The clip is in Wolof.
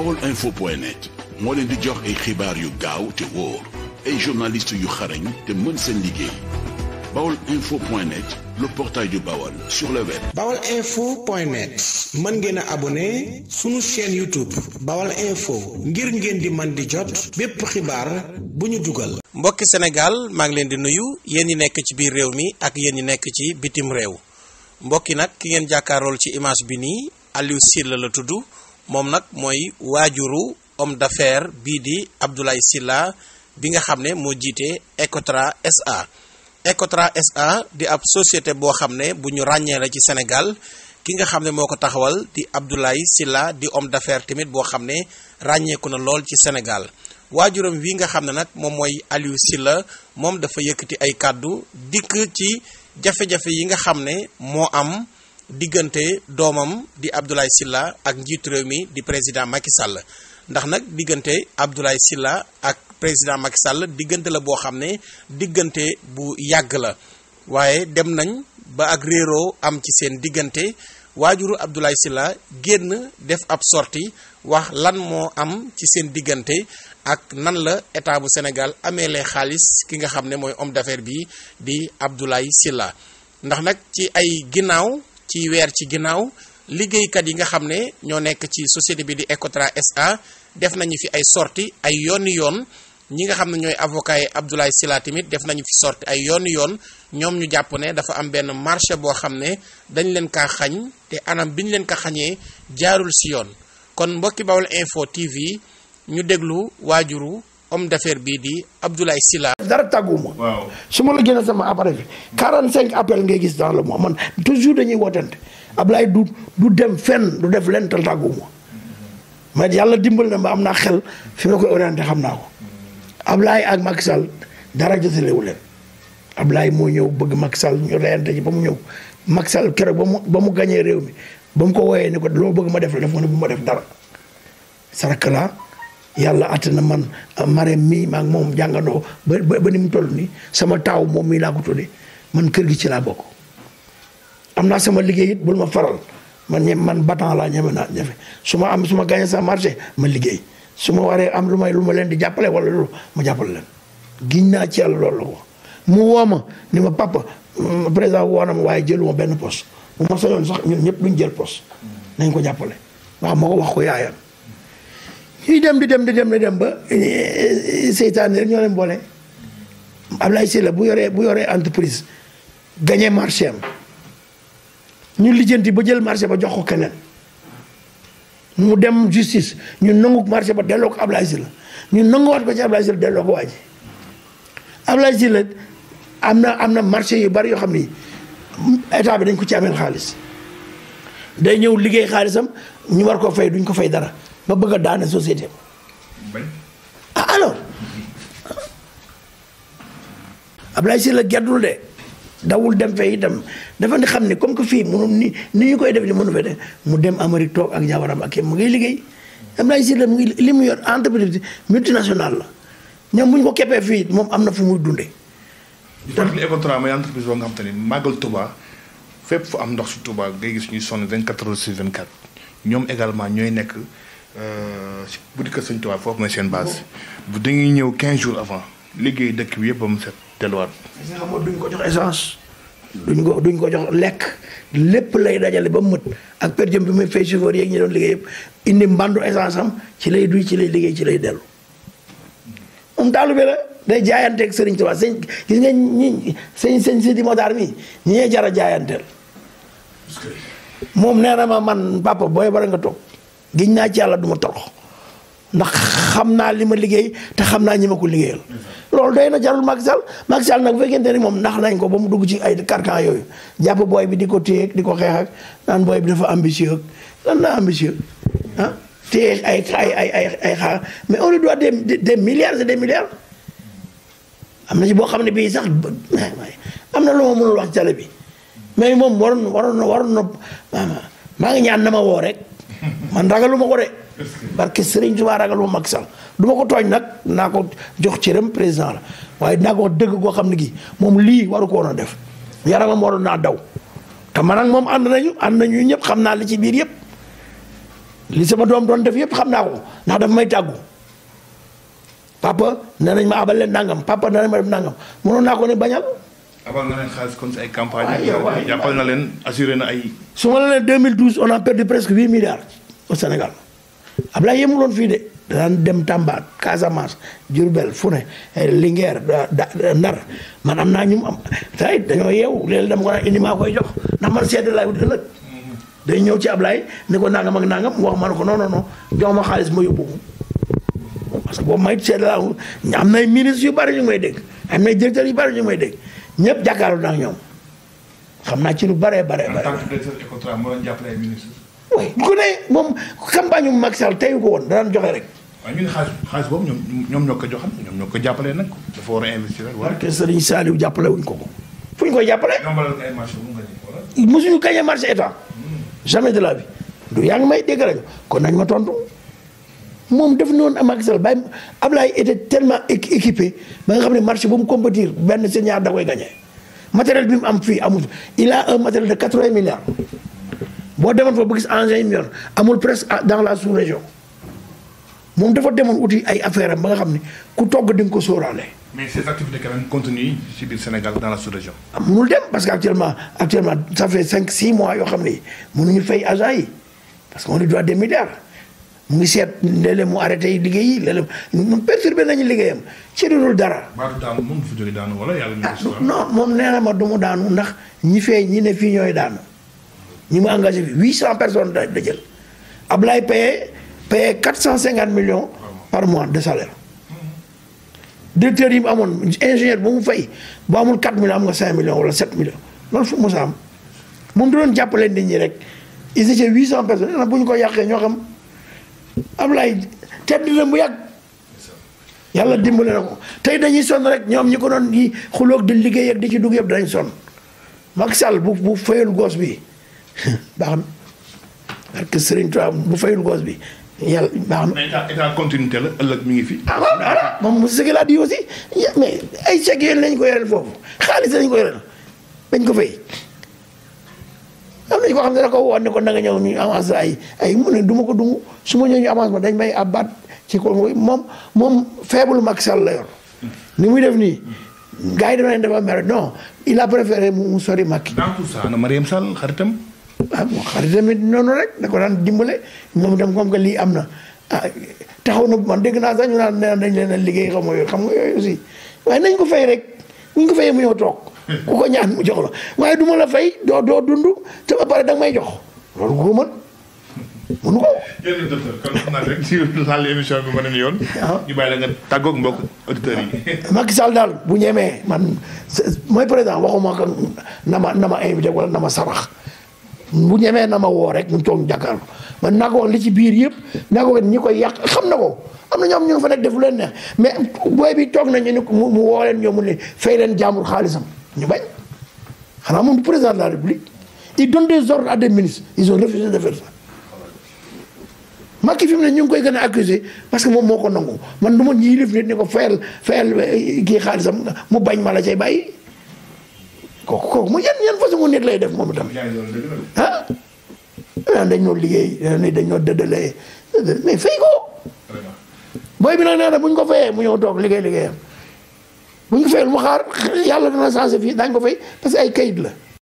baolinfo.net moo leen di jox ay xibaar yu gaaw te wóor ay journalistes yu xarañ te mën seen liggéey baolinfo.net le portail du Baol sur le mën ngeen a abonné sunu chaîne YouTube Baol Info ngir ngeen di man di jot bépp xibaar bu ñu dugal. mbokki Sénégal maa ngi leen di nuyu yéen ñi nekk ci biir réew mi ak yéen ñi nekk ci bitim réew mbokki nag ki ngeen jàkkaarool ci image bi nii Aliou Sylla la tudd. moom nag mooy waajuru homme d'affaires bii di Abdoulaye Sylla bi nga xam ne moo jiite Ecotra SA Ecotra SA di ab société boo xam ne bu ñu ràññee la ci Sénégal ki nga xam ne moo ko taxawal di Abdoulaye Sylla di homme d'affaires tamit boo xam ne ràññeeku na lool ci Sénégal waajuram wi nga xam ne nag moom mooy Aliou Sylla moom dafa yëkkati ay kàddu dikk ci jafe-jafe yi nga xam ne moo am diggante doomam di Abdoulaye Sylla ak njiitu réew mi di président Macky Sall ndax nag diggante Abdoulaye Sylla ak président Macky Sall diggante la boo xam ne diggante bu yàgg la waaye dem nañ ba ak réeroo am ci seen diggante waajuru Abdoulaye Sylla génn def ab sorti wax lan moo am ci seen diggante ak nan la état bu Sénégal amee lee xaalis ki nga xam ne mooy om d'affaires bii di Abdoulaye Sylla ndax nag ci ay ginnaaw ci weer ci ginnaaw liggéeykat yi nga xam ne ñoo nekk ci société bi di Ecotra SA def nañu fi ay sorti ay yooni yoon ñi nga xam ne ñooy avocat yi Abdoulaye Sylla tamit def nañu fi sorti ay yooni yoon ñoom ñu jàpp ne dafa am benn marché boo xam ne dañ leen kaa xañ te anam biñ leen ka xañee jaarul si yoon kon mbokki Baol info TV ñu déglu waajuru homme d'affaires bii di Abdoulaye Sylla dara tàgguwuma su ma la génne sama appareil bi cinq appel ngay gis dans le mois man toujours dañuy wootante Ablaye du du dem fenn du def lenn tal tàgguwuma mais yàlla dimbal na ma am naa xel fi ma koy orienté xam naa ko Ablaye ak Macky Sall dara jësalewu leen Ablaye moo ñëw bëgg Macky sal ñu reyante ji ba mu ñëw Macky Sall keroog ba mu ba mu gañee réew mi ba mu ko wooyee ni ko loo bëgg ma def la def ma ne bu ma def dara saraka la yàlla àtt na man ah, Marème mii maak moom jàngandoo ba ba ni mu toll nii sama taaw moom mii laa ko tuddee man kër gi ci laa bokk. am naa sama liggéey it bul ma faral man ñem man battant laa naa ñefe su ma am su ma gagné sax marché ma liggéey su ma waree am lu may lu ma leen di jàppale walla loolu ma jàppale leen. giñ naa ci yàlla loolu la ko mu woo ma ni ma papa mm, président woo na ma waaye jëluma benn poste bu ma sax ñun ñëpp duñ jël poste nañ ko jàppale waaw moo ko wax ko yaayam. ñuy dem di dem di dem di dem ba eh, seytaane rek ñoo leen boole Ablaye Sylla bu yoree bu yoree entreprise gagné marché am ñu lijjanti ba jël marché ba jox ko keneen mu dem justice ñu nangu marché ba delloo ko Ablaye la ñu nanguwaat ko ci Ablaye Sylla delloo ko waa ji Ablaye Sylla am na am na marché yu bari yoo xam ni état bi dañ ko ci ameel xaalis day ñëw liggéey xaalisam ñu war ko fay duñ ko fay dara ma bëgg a daane société ah alors Abdoulaye la geddul de dawul dem fee itam dafa ne xam ni comme que fii munu ni ni ñu koy def ni mënu fe de mu dem Amérique toog ak jabaram ak mu ngi liggéey Abdoulaye Sylla mu ngi li mu yor entreprise multinationale la ñoom bu ñu ko keppee fii moom am na fu muy dundee. di fàttali Ecotra mooy entreprise boo nga xam te ne màggal Touba fépp fu am ndox si Touba ngay gis ñuy sonn 24 heures sur 24 ñoom également ñooy nekk. Euh, bu di ko sëñ Tuubaa foofu mooy seen base. bu dañuy ñëw 15 jours avant liggéey dëkk bi yëpp ba mu set delluwaat. duñ ko jox essence. duñ ko duñ ko jox lekk lépp lay dajale ba mu mët ak per diem bi muy fay chauffeur yeeg ñi doon liggéey yëpp indi mbandu essence am ci lay duy ci lay liggéey ci lay dellu. moom taalibe la day jaayanteeg Serigne Touba sëñ gis nga ñi sëñ sëñ di Motaar mi ñi ñee jar a jaayanteel. moom nee ma man papa booy bara nga toog. giñ naa ci àlla duma ma torox ndax xam naa li ma liggéey te xam naa ñi ma ko liggéeyal. loolu doy na jarul Macky Sall Macky Sall nag bu fekkente ni moom ndax nañ ko ba mu dugg ci ay carcan yooyu jàpp booy bi di ko téye di ko xeex naan booy bi dafa ambitieux lan la ambitieux ah téye ay mais on lui doit des am na boo xam ne bii sax am na lu ma mënul wax jale bi mais moom waroon waroon waroon na maa ngi ñaan na ma woo rek. man ragaluma ko de barke Serigne Touba ragaluma Macky Sall du ma ko tooñ nag naa ko jox cëram président la waaye naa ko dëgg goo xam ne gi moom lii waru ko woon a def yaramam waroon naa daw te man ak moom ànd nañu ànd nañu ñëpp xam naa li ci biir yëpp li sama doom doon def yëpp xam naa ko ndax dafa may tàggu papa nee nañ ma abal leen nangam papa nee ma def nangam mënoon naa ko ne bañal abal na leen xaalis kon si ay campagne jàppal na leen assuré na ay. su ma la nee 2012 on a perdu presque 8 milliards au Sénégal Ablaye yemul woon fii de daan dem Tamba Casamance Diourbel fu ne eh, Linguère Ndar man am naa ñu mu am tey dañoo yeewu léeg dama ko daan indi maa koy jox ndax man sedd laay wut ëllëg day ñëw ci Ablaye ne ko nangam ak nangam wax ma ne ko non non non jox ma xaalis ma yóbbu parce que boobu may sedd laa am na ay ministres yu bari ñu may dégg am na ay directeurs yu bari ñu may dégg. ñëpp jàkkaarloo na ñoom xam naa ci lu bare bare bare. en tant que directeur Ecotra moo doon ku ne moom campagne mu Macky Sall teyu ko woon daan joxe rek. waaw ñu ne xaalis xaalis boobu ñoom ñoom ñoo ko joxal ñoom ñoo ko jàppalee nag dafa war a investir rek. wala que jàppale wuñ ko ko. fu ñu koy jàppale. mu nga wala. mosuñu gagné marché état. Hmm. jamais de la vie. du yaa ngi may dégg rajo kon nañ ma tontu. moom def na woon am Macky Sall Baye Ablaye était tellement équipé ba nga xam ne marché bu mu compétir benn seen ñaar da matériel bi mu am fii amul il a un matériel de quatre-vingts milliards boo demoon fa ba gis engins yi amul presque dans la sous-région moom dafa demoon uti ay affaire am ba nga xam ne ku togg di nga ko sóoraale. mais ces activités quand même continuent biir Sénégal dans la sous-région. munul dem parce que actuellement actuellement ça cinq six mois yoo xam ne mënuñu fay agents yi parce qu'on lui des milliards. mu ngi seet léeg-léeg mu arrêté liggéey yi léeg-léeg mu perturbé nañu liggéeyam ci dudul dara. daanu moom fi jóge ah, non moom nee ma du mu daanu ndax ñi fee ñi ne fii ñooy daanu ñi mu engagé fi 800 personnes da jël ab Ablaye paye paye 450 million par mois de salaire. directeur yi mu amoon ingénieur bu mu fay bu amul 4 millions am nga 5 millions wala 7 millions loolu fu mu sa am moom du doon jàppale nit ñi rek ils étaient 800 personnes bu ñu ko yàqee ñoo xam. am Ablaye tedd na bu yàgg yàlla dimbale na ko tey dañuy sonn rek ñoom ñi ko doon di xuloog di liggéey ak di ci dugg yëpp dañ sonn Macky Sall bu bu fayul goos bi baax na parce que Serigne Touba bu fayul goos bi yàlla baax na. mais la ëllëg mi ngi fi. ah, ah moom monsieur Guèye laa ay chèques lañ ko yoreel foofu xaalis lañ ko yoreel dañ ko fay. am nañu koo xam ne da koo ne ko na nga ñëw ñu avance ay ay mu ne du ma ko dungu su ma ñëwee ñu avance ma dañ may abat ci ko moom moom faible Macky Sall la yor ni muy def nii gars yi dañu leen dafa mer non il a sori Macky. dans tout ça ana Mariam Sall xaritam. ah noonu rek daan dimbale moom itam comme que lii am na ah taxaw na man dégg naa sax ñu naan nee dañ leen a liggéey xam nga yooyu waaye nañ ko fay rek buñ ko fayee mu ñëw toog. ku ko ñaan mu jox la waaye du ma la fay doo doo dund te ba pare da may jox loolu ko mën mënu ko. jërëjëf bi ma yoon. Ah. ñu bàyyi la nga tàggoog mbokk auditeurs yi. Macky Sall daal bu man mooy président waxuma ko na ma na ma invité wala na ma sarax bu ñemee na ma woo rek ñu toog jàkkaarloo man naa ko li ci biir yëpp naa ñi koy yàq xam na ko am na ñoom ñu fa nekk def lu leen neex mais booy bi toog nañu ni mu woo leen ñoom mu ne fay leen jaamul xaalisam. ñu bañ xanaa moom président de la république il donne des ordres à des ministres ils ont refusé de faire ça Macky fi mu ne ñu ngi koy gën a accusé parce que moom moo ko nangu man du ma ñuy lif nit ni ko fayal fayal eh, kii xaalisam mu bañ ma la cay bàyyi kooku kooku mu yan yan façon nit lay def moom itam ah ah dañ ñoo liggéey dañ ñoo dëddalee mais fay ko booy bi nag nee na bu ñu ko fayee mu ñëw toog liggéey liggéeyam bu ñu ko fayal mu xaar yàlla dana changé fii daañu ko fay parce que ay kayit la.